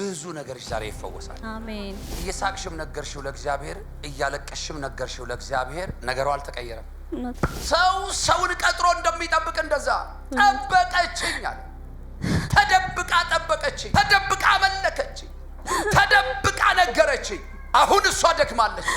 ብዙ ነገሮች ዛሬ ይፈወሳል። አሜን። እየሳቅሽም ነገርሽው ለእግዚአብሔር፣ እያለቀሽም ነገርሽው ለእግዚአብሔር፣ ነገሩ አልተቀየረም። ሰው ሰውን ቀጥሮ እንደሚጠብቅ እንደዛ ጠበቀችኝ አለ። ተደብቃ ጠበቀችኝ፣ ተደብቃ አመለከችኝ፣ ተደብቃ ነገረችኝ። አሁን እሷ ደክማለች።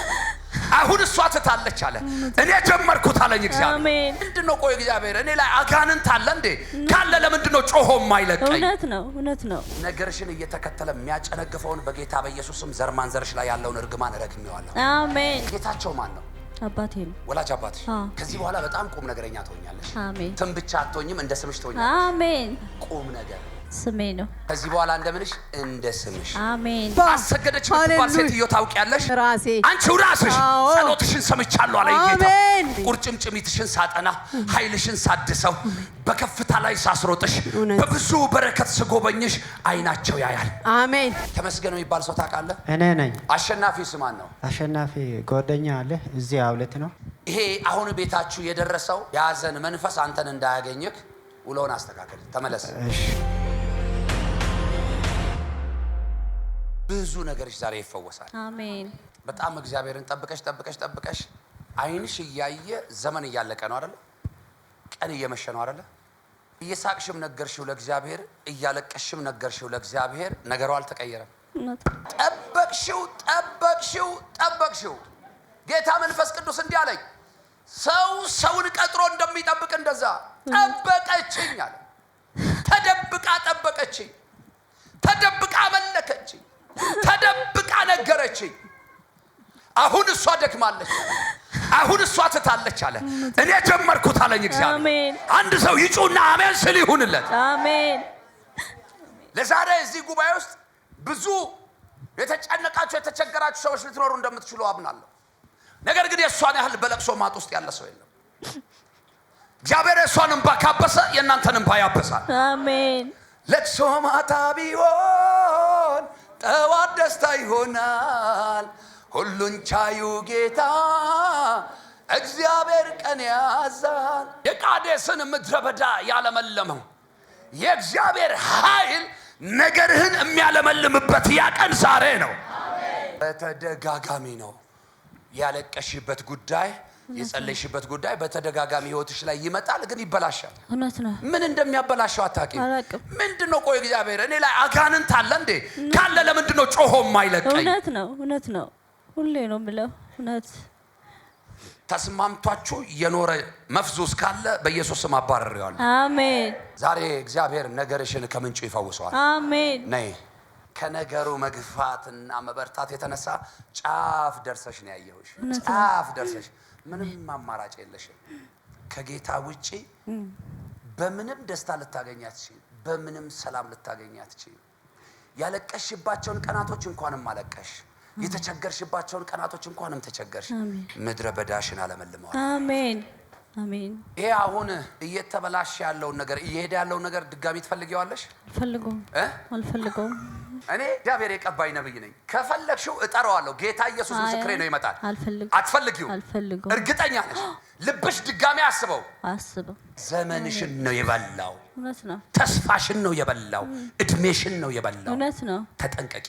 አሁን እሷ ትታለች አለ። እኔ ጀመርኩት አለኝ እግዚአብሔር። ምንድን ነው ቆይ እግዚአብሔር እኔ ላይ አጋንንት አለ እንዴ? ካለ ለምንድን ነው ጮሆ ማይለቀኝ? እውነት ነው እውነት ነው። ነገርሽን እየተከተለ የሚያጨነግፈውን በጌታ በኢየሱስም ዘር ማንዘርሽ ላይ ያለውን እርግማን እረግሜዋለሁ። አሜን። ጌታቸው ማን ነው? አባቴ ነው። ወላጅ አባትሽ። ከዚህ በኋላ በጣም ቁም ነገረኛ ትሆኛለሽ። አሜን። ትም ብቻ አትሆኝም፣ እንደ ስምሽ ትሆኛለሽ። አሜን። ቁም ነገር ስሜ ነው። ከዚህ በኋላ እንደምንሽ እንደ ስምሽ። አሜን። አሰገደች ምትባል ሴትዮ ታውቂያለሽ? ራሴ አንቺው ራስሽ ጸሎትሽን ሰምቻለሁ አለ ጌታ። ቁርጭምጭሚትሽን ሳጠና፣ ኃይልሽን ሳድሰው፣ በከፍታ ላይ ሳስሮጥሽ፣ በብዙ በረከት ስጎበኝሽ አይናቸው ያያል። አሜን። ተመስገን የሚባል ሰው ታውቃለህ? እኔ ነኝ። አሸናፊ ስማን ነው። አሸናፊ ጓደኛ አለ እዚህ አውለት ነው። ይሄ አሁን ቤታችሁ የደረሰው የሀዘን መንፈስ አንተን እንዳያገኘክ ውለውን አስተካከል፣ ተመለስ። ብዙ ነገሮች ዛሬ ይፈወሳል። አሜን። በጣም እግዚአብሔርን ጠብቀሽ ጠብቀሽ ጠብቀሽ አይንሽ እያየ ዘመን እያለቀ ነው አይደለ? ቀን እየመሸ ነው አይደለ? እየሳቅሽም ነገርሽው ለእግዚአብሔር፣ እያለቀሽም ነገርሽው ለእግዚአብሔር። ነገሩ አልተቀየረም። ጠበቅሽው፣ ጠበቅሽው፣ ጠበቅሽው። ጌታ መንፈስ ቅዱስ እንዲህ አለኝ፣ ሰው ሰውን ቀጥሮ እንደሚጠብቅ እንደዛ ጠበቀችኝ አለ። ተደብቃ ጠበቀችኝ፣ ተደብቃ ተደብቃ ነገረችኝ። አሁን እሷ ደክማለች፣ አሁን እሷ ትታለች አለ። እኔ ጀመርኩት አለኝ እግዚአብሔር። አንድ ሰው ይጩና አሜን ስል ይሁንለት። አሜን። ለዛሬ እዚህ ጉባኤ ውስጥ ብዙ የተጨነቃችሁ የተቸገራችሁ ሰዎች ልትኖሩ እንደምትችሉ አምናለሁ። ነገር ግን የእሷን ያህል በለቅሶ ማጥ ውስጥ ያለ ሰው የለም። እግዚአብሔር የእሷን እንባ ካበሰ የእናንተን እንባ ያበሳል። አሜን። ለቅሶ ማታ ቢሆን ደስታ ይሆናል። ሁሉን ቻዩ ጌታ እግዚአብሔር ቀን ያዛል። የቃዴስን ምድረ በዳ ያለመለመው የእግዚአብሔር ኃይል ነገርህን የሚያለመልምበት ያ ቀን ዛሬ ነው። በተደጋጋሚ ነው። ያለቀሽበት ጉዳይ የጸለይሽበት ጉዳይ በተደጋጋሚ ህይወትሽ ላይ ይመጣል፣ ግን ይበላሻል። እውነት ነው። ምን እንደሚያበላሸው አታውቂም። ምንድን ነው ቆይ፣ እግዚአብሔር እኔ ላይ አጋንንት አለ እንዴ? ካለ ለምንድን ነው ጮሆ የማይለቀኝ? እውነት ነው፣ እውነት ነው። ሁሌ ነው ብለው እውነት ተስማምቷችሁ የኖረ መፍዙስ ካለ በኢየሱስ ስም አባረረዋለሁ። አሜን። ዛሬ እግዚአብሔር ነገርሽን ከምንጩ ይፈውሰዋል። አሜን። ነይ ከነገሩ መግፋትና መበርታት የተነሳ ጫፍ ደርሰሽ ነው ያየሁሽ። ጫፍ ደርሰሽ ምንም አማራጭ የለሽም። ከጌታ ውጪ በምንም ደስታ ልታገኛት፣ በምንም ሰላም ልታገኛት፣ ያለቀሽባቸውን ቀናቶች እንኳንም አለቀሽ፣ የተቸገርሽባቸውን ቀናቶች እንኳንም ተቸገርሽ፣ ምድረ በዳሽን አለመልመዋል። አሜን አሜን። ይሄ አሁን እየተበላሽ ያለውን ነገር እየሄደ ያለውን ነገር ድጋሚ ትፈልጊዋለሽ? አልፈልገውም፣ አልፈልገውም እኔ እግዚአብሔር የቀባኝ ነብይ ነኝ። ከፈለግሽው እጠራዋለሁ። ጌታ ኢየሱስ ምስክሬ ነው፣ ይመጣል። አትፈልጊው፣ እርግጠኛ ነሽ። ልብሽ ድጋሜ አስበው አስበው። ዘመንሽን ነው የበላው፣ ተስፋሽን ነው የበላው፣ እድሜሽን ነው የበላው። እውነት ነው። ተጠንቀቂ።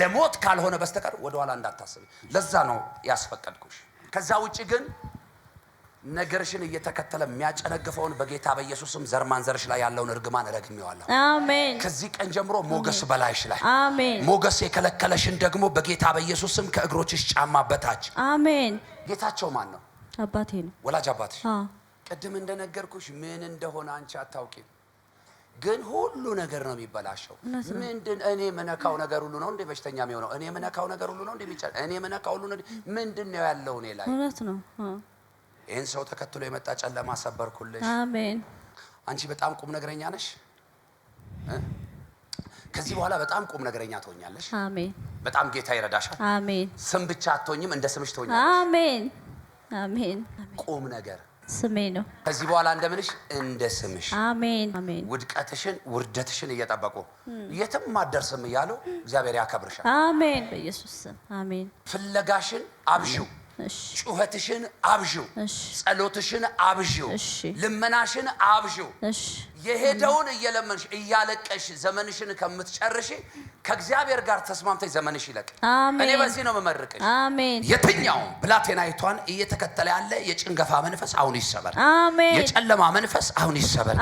ለሞት ካልሆነ በስተቀር ወደኋላ እንዳታስብ። ለዛ ነው ያስፈቀድኩሽ። ከዛ ውጭ ግን ነገርሽን እየተከተለ የሚያጨነግፈውን በጌታ በኢየሱስም ዘር ማንዘርሽ ላይ ያለውን እርግማን ረግሜዋለሁ። አሜን። ከዚህ ቀን ጀምሮ ሞገስ በላይሽ ላይ አሜን። ሞገስ የከለከለሽን ደግሞ በጌታ በኢየሱስም ከእግሮችሽ ጫማ በታች አሜን። ጌታቸው ማን ነው? አባቴ ነው። ወላጅ አባትሽ። ቅድም እንደነገርኩሽ ምን እንደሆነ አንቺ አታውቂም፣ ግን ሁሉ ነገር ነው የሚበላሸው። ምንድን እኔ የምነካው ነገር ሁሉ ነው እንዴ በሽተኛ የሚሆነው? እኔ የምነካው ነገር ሁሉ ነው እንዴ እንደ እኔ የምነካው ሁሉ ነው ምንድን ነው ያለው እኔ ላይ? እውነት ነው። ይህን ሰው ተከትሎ የመጣ ጨለማ ሰበርኩልሽ። አሜን። አንቺ በጣም ቁም ነገረኛ ነሽ። ከዚህ በኋላ በጣም ቁም ነገረኛ ትሆኛለሽ። አሜን። በጣም ጌታ ይረዳሻል። አሜን። ስም ብቻ አትሆኝም፣ እንደ ስምሽ ትሆኛለሽ። አሜን። አሜን። ቁም ነገር ስሜ ነው። ከዚህ በኋላ እንደምንሽ እንደ ስምሽ። አሜን። አሜን። ውድቀትሽን ውርደትሽን እየጠበቁ የትም ማደርስም እያሉ እግዚአብሔር ያከብርሻል። አሜን። በኢየሱስ ስም አሜን። ፍለጋሽን አብሺው ጩኸትሽን አብዢው፣ ጸሎትሽን አብዢው፣ ልመናሽን አብዢው። የሄደውን እየለመንሽ እያለቀሽ ዘመንሽን ከምትጨርሽ ከእግዚአብሔር ጋር ተስማምተሽ ዘመንሽ ይለቅ። እኔ በዚህ ነው መመርቅሽ። የትኛውም ብላቴናይቷን እየተከተለ ያለ የጭንገፋ መንፈስ አሁን ይሰበር፣ የጨለማ መንፈስ አሁን ይሰበር።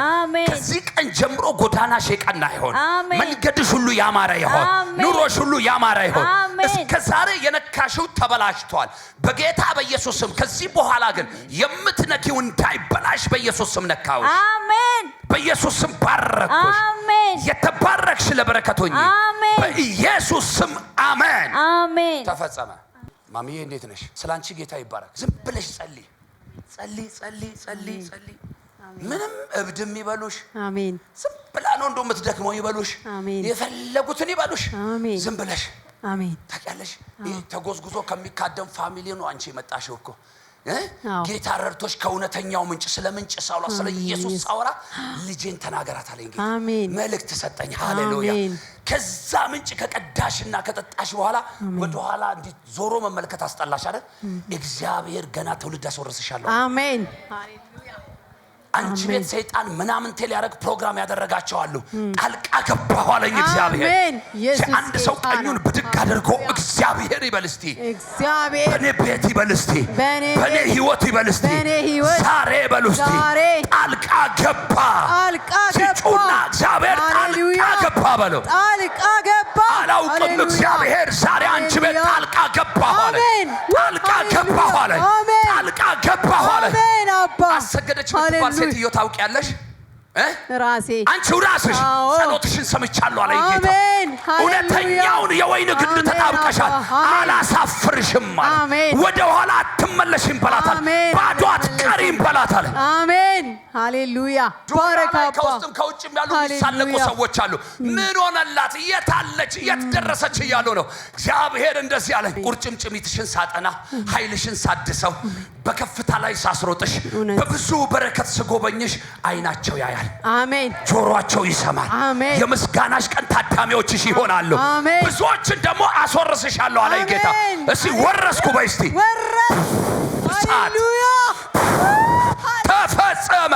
ከዚህ ቀን ጀምሮ ጎዳናሽ የቀና ይሆን፣ መንገድሽ ሁሉ ያማረ ይሆን፣ ኑሮሽ ሁሉ ያማረ ይሆን። እስከ ዛሬ የነካሽው ተበላሽቷል በጌታ በኢየሱስ ስም። ከዚህ በኋላ ግን የምትነኪው እንዳይበላሽ በኢየሱስ ስም ነካውሽ። አሜን። በኢየሱስ ስም ባረኩሽ። የተባረክሽ ለበረከቶኝ በኢየሱስ ስም አሜን፣ አሜን። ተፈጸመ። ማሚዬ እንዴት ነሽ? ስለ አንቺ ጌታ ይባረክ። ዝም ብለሽ ጸልይ፣ ጸልይ፣ ጸልይ፣ ጸልይ፣ ጸልይ። ምንም እብድም ይበሉሽ፣ አሜን። ዝም ብላ ነው እንደው የምትደክመው ይበሉሽ፣ አሜን። የፈለጉትን ይበሉሽ፣ አሜን። ዝም ብለሽ አሜን። ታውቂያለሽ፣ ይሄ ተጎዝጉዞ ከሚካደም ፋሚሊ ነው አንቺ የመጣሽው እኮ ጌታ ረድቶች ከእውነተኛው ምንጭ ስለ ምንጭ ሳውራ ስለ ኢየሱስ ሳውራ ልጄን ተናገራት አለኝ። መልእክት ሰጠኝ። ሃሌሉያ። ከዛ ምንጭ ከቀዳሽና ከጠጣሽ በኋላ ወደኋላ እንዲህ ዞሮ መመልከት አስጠላሽ አይደል? እግዚአብሔር ገና ትውልድ አስወርስሻለሁ። አሜን አንቺ ቤት ሰይጣን ምናምንቴ ሊያደርግ ፕሮግራም ያደረጋቸዋሉ። ጣልቃ ገባሁ አለኝ እግዚአብሔር። አንድ ሰው ቀኙን ብድግ አድርጎ እግዚአብሔር ይበል እስቲ፣ በእኔ ቤት ይበል እስቲ፣ በእኔ ሕይወት ይበል እስቲ፣ ዛሬ ይበል እስቲ። ጣልቃ ገባ ሲጩና እግዚአብሔር ጣልቃ ገባ በለው። አላውቅም እግዚአብሔር ዛሬ አንቺ ቤት ጣልቃ ገባሁ አለኝ። ጣልቃ ገባሁ አለኝ ገባ። አሰገደች የምትባል ሴትዮ ታውቂያለሽ? ራሴ አንቺው ራስሽ ጸሎትሽን ሰምቻለሁ አለ ጌታ። እውነተኛውን የወይን ግንድ ተጣብቀሻል፣ አላሳፍርሽም አለ። ወደ ኋላ አትመለሽም ባዶ አትቀሪም አሜን ሃሌሉያ ባረካ። ከውስጥም ከውጭም ያሉ የሚሳለቁ ሰዎች አሉ። ምን ሆነላት? አለች የት ደረሰች? እያሉ ነው። እግዚአብሔር እንደዚህ አለኝ፣ ቁርጭምጭሚትሽን ሳጠና፣ ኃይልሽን ሳድሰው፣ በከፍታ ላይ ሳስሮጥሽ፣ በብዙ በረከት ስጎበኝሽ፣ አይናቸው ያያል፣ አሜን፣ ጆሮአቸው ይሰማል። የምስጋናሽ ቀን ታዳሚዎችሽ ይሆናሉ። ብዙዎችን ደግሞ አስወርስሻለሁ አለኝ ጌታ። እስቲ ወረስኩ በይ እስቲ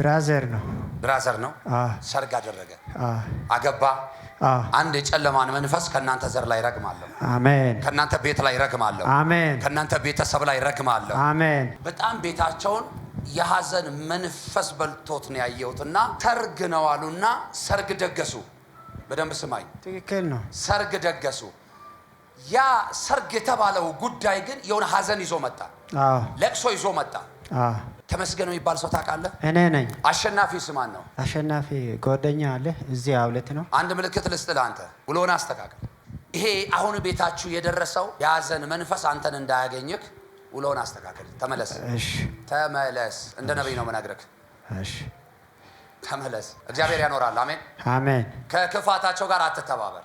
ብራዘር ነው ብራዘር ነው። ሰርግ አደረገ፣ አገባ። አንድ የጨለማን መንፈስ ከእናንተ ዘር ላይ ረግማለሁ። አሜን። ከእናንተ ቤት ላይ ረግማለሁ። አሜን። ከእናንተ ቤተሰብ ላይ ረግማለሁ። አሜን። በጣም ቤታቸውን የሐዘን መንፈስ በልቶት ነው ያየሁትና ሰርግ ነው አሉና ሰርግ ደገሱ። በደንብ ስማኝ፣ ትክክል ነው። ሰርግ ደገሱ። ያ ሰርግ የተባለው ጉዳይ ግን የሆነ ሐዘን ይዞ መጣ፣ ለቅሶ ይዞ መጣ። ተመስገነው የሚባል ሰው ታውቃለህ? እኔ ነኝ። አሸናፊ ስማን ነው። አሸናፊ ጓደኛ አለ እዚህ አውለት ነው። አንድ ምልክት ልስጥልህ። አንተ ውሎን አስተካከል። ይሄ አሁን ቤታችሁ የደረሰው የሀዘን መንፈስ አንተን እንዳያገኝክ ውሎውን አስተካከል። ተመለስ፣ ተመለስ። እንደ ነቢይ ነው መናግረክ። ተመለስ። እግዚአብሔር ያኖራል። አሜን፣ አሜን። ከክፋታቸው ጋር አትተባበር፣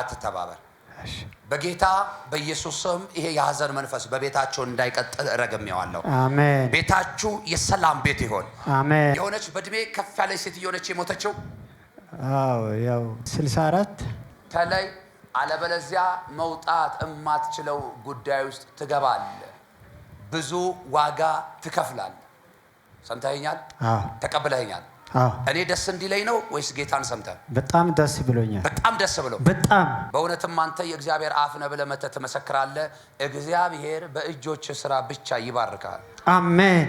አትተባበር። በጌታ በኢየሱስ ስም ይሄ የሐዘን መንፈስ በቤታቸው እንዳይቀጥል ረግሜዋለሁ። አሜን። ቤታችሁ የሰላም ቤት ይሆን። አሜን። የሆነች በእድሜ ከፍ ያለች ሴት የሆነች የሞተችው አዎ፣ ያው 64 ተለይ፣ አለበለዚያ መውጣት እማትችለው ጉዳይ ውስጥ ትገባል። ብዙ ዋጋ ትከፍላል። ሰምተኸኛል? ተቀብለኸኛል? እኔ ደስ እንዲለኝ ነው ወይስ ጌታን ሰምተህ? በጣም ደስ ብሎኛል። በጣም ደስ ብሎ በጣም በእውነትም አንተ የእግዚአብሔር አፍ ነህ ብለህ መተህ ትመሰክራለህ። እግዚአብሔር በእጆች ስራ ብቻ ይባርካል። አሜን።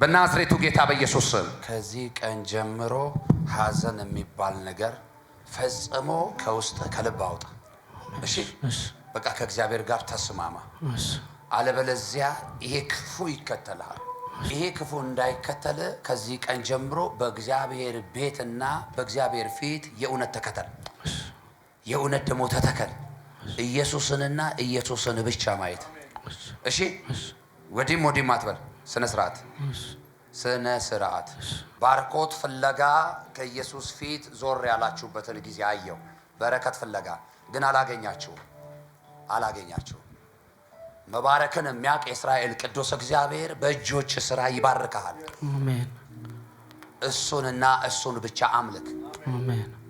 በናዝሬቱ ጌታ በኢየሱስ ስም ከዚህ ቀን ጀምሮ ሐዘን የሚባል ነገር ፈጽሞ ከውስጥ ከልብ አውጣ። እሺ፣ በቃ ከእግዚአብሔር ጋር ተስማማ። አለበለዚያ ይሄ ክፉ ይከተልሃል። ይሄ ክፉ እንዳይከተል ከዚህ ቀን ጀምሮ በእግዚአብሔር ቤትና በእግዚአብሔር ፊት የእውነት ተከተል። የእውነት ደግሞ ተተከል። ኢየሱስንና ኢየሱስን ብቻ ማየት። እሺ፣ ወዲም ወዲም አትበል። ስነ ስርዓት ስነ ስርዓት ባርኮት ፍለጋ ከኢየሱስ ፊት ዞር ያላችሁበትን ጊዜ አየው። በረከት ፍለጋ ግን አላገኛችሁ አላገኛችሁ መባረክን የሚያውቅ የእስራኤል ቅዱስ እግዚአብሔር በእጆች ስራ ይባርካል። እሱንና እሱን ብቻ አምልክ።